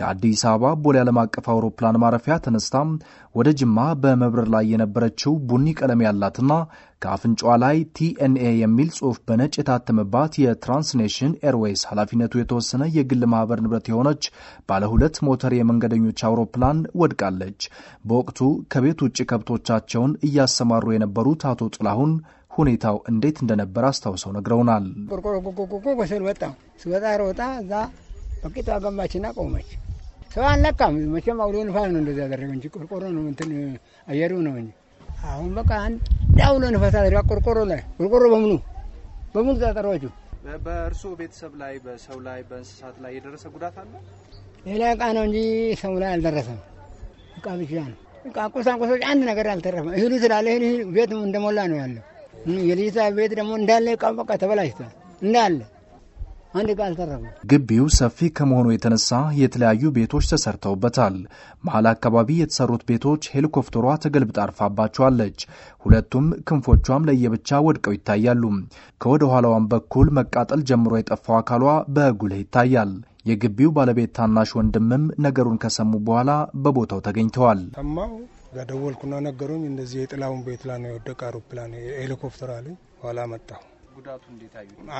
ከአዲስ አበባ ቦሌ ዓለም አቀፍ አውሮፕላን ማረፊያ ተነስታ ወደ ጅማ በመብረር ላይ የነበረችው ቡኒ ቀለም ያላትና ከአፍንጫዋ ላይ ቲኤንኤ የሚል ጽሑፍ በነጭ የታተመባት የትራንስኔሽን ኤርዌይስ ኃላፊነቱ የተወሰነ የግል ማህበር ንብረት የሆነች ባለ ሁለት ሞተር የመንገደኞች አውሮፕላን ወድቃለች። በወቅቱ ከቤት ውጭ ከብቶቻቸውን እያሰማሩ የነበሩት አቶ ጥላሁን ሁኔታው እንዴት እንደነበር አስታውሰው ነግረውናል። ቆቆቆቆ ስል ወጣ ስወጣ ሮጣ እዛ ቆመች። ሰው አልነካም። መቼም አውሎ ንፋስ ነው እንደዚ ያደረገው እንጂ ቆርቆሮ ነው እንትን አየሩ ነው እንጂ አሁን በቃ አንድ አውሎ ንፋስ አደረገ ቆርቆሮ ላይ ቆርቆሮ በሙሉ በሙሉ ተጠሯችሁ። በእርስዎ ቤተሰብ ላይ በሰው ላይ በእንስሳት ላይ የደረሰ ጉዳት አለ? ሌላ እቃ ነው እንጂ ሰው ላይ አልደረሰም። እቃ ብቻ ነው እቃ ቁሳቁሶች፣ አንድ ነገር አልተረፈም። እህሉ ስላለ እህል ቤት እንደሞላ ነው ያለው። የልጅቷ ቤት ደግሞ እንዳለ እቃ በቃ ተበላሽቷል እንዳለ አንድ ዕቃ አልቀረም። ግቢው ሰፊ ከመሆኑ የተነሳ የተለያዩ ቤቶች ተሰርተውበታል። መሀል አካባቢ የተሰሩት ቤቶች ሄሊኮፕተሯ ተገልብጣ አርፋባቸዋለች። ሁለቱም ክንፎቿም ለየብቻ ወድቀው ይታያሉ። ከወደ ኋላዋም በኩል መቃጠል ጀምሮ የጠፋው አካሏ በጉልህ ይታያል። የግቢው ባለቤት ታናሽ ወንድምም ነገሩን ከሰሙ በኋላ በቦታው ተገኝተዋል። ሰማሁ፣ ደወልኩና ነገሩኝ። እንደዚህ የጥላውን ቤት ላይ ነው የወደቀ አውሮፕላን ሄሊኮፕተር አለኝ። ኋላ መጣሁ ጉዳቱ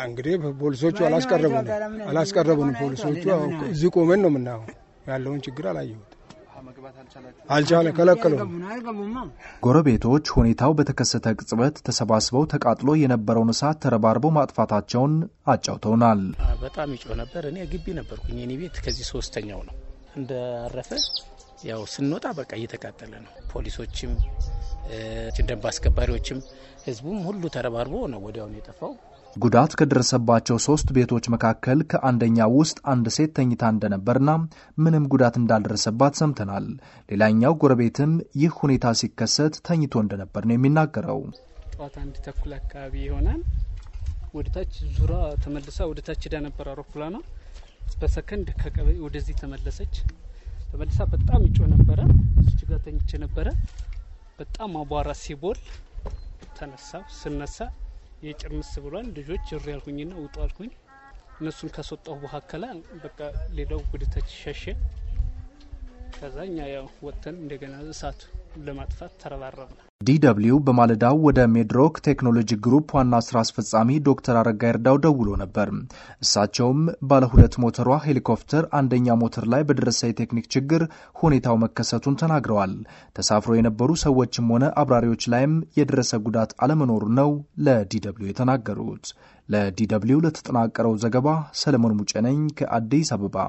እንግዲህ ፖሊሶቹ አላስቀረቡን አላስቀረቡንም። ፖሊሶቹ እዚህ ቆመን ነው የምናየው። ያለውን ችግር አላየሁት አልቻለ ከለከሉ። ጎረቤቶች ሁኔታው በተከሰተ ቅጽበት ተሰባስበው ተቃጥሎ የነበረውን እሳት ተረባርበው ማጥፋታቸውን አጫውተውናል። በጣም ይጮህ ነበር። እኔ ግቢ ነበርኩኝ። እኔ ቤት ከዚህ ሶስተኛው ነው። እንደ አረፈ ያው ስንወጣ በቃ እየተቃጠለ ነው። ፖሊሶችም ደንብ አስከባሪዎችም ህዝቡም ሁሉ ተረባርቦ ነው ወዲያውኑ የጠፋው። ጉዳት ከደረሰባቸው ሶስት ቤቶች መካከል ከአንደኛው ውስጥ አንድ ሴት ተኝታ እንደነበርና ምንም ጉዳት እንዳልደረሰባት ሰምተናል። ሌላኛው ጎረቤትም ይህ ሁኔታ ሲከሰት ተኝቶ እንደነበር ነው የሚናገረው። ጠዋት አንድ ተኩል አካባቢ ይሆናል ወደታች ዙራ ተመልሳ ወደታች ሄዳ ነበር አውሮፕላኗ። በሰከንድ ወደዚህ ተመለሰች። ተመልሳ በጣም ይጮ ነበረ። እዚች ተኝቼ ነበረ። በጣም አቧራ ሲቦል ተነሳ። ስነሳ የጭርምስ ብሏል። ልጆች እሪ ያልኩኝና ውጡ አልኩኝ። እነሱን ከሰጠሁ በኋላ በቃ ሌላው ጉድታች ሸሸ። ከዛ እኛ ያው ወጥተን እንደገና እሳቱ ለማጥፋት ተረባረብን። ዲደብሊው በማለዳው ወደ ሜድሮክ ቴክኖሎጂ ግሩፕ ዋና ስራ አስፈጻሚ ዶክተር አረጋ ይርዳው ደውሎ ነበር። እሳቸውም ባለሁለት ሞተሯ ሄሊኮፕተር አንደኛ ሞተር ላይ በደረሰ የቴክኒክ ችግር ሁኔታው መከሰቱን ተናግረዋል። ተሳፍረው የነበሩ ሰዎችም ሆነ አብራሪዎች ላይም የደረሰ ጉዳት አለመኖሩ ነው ለዲደብሊው የተናገሩት። ለዲደብሊው ለተጠናቀረው ዘገባ ሰለሞን ሙጨነኝ ከአዲስ አበባ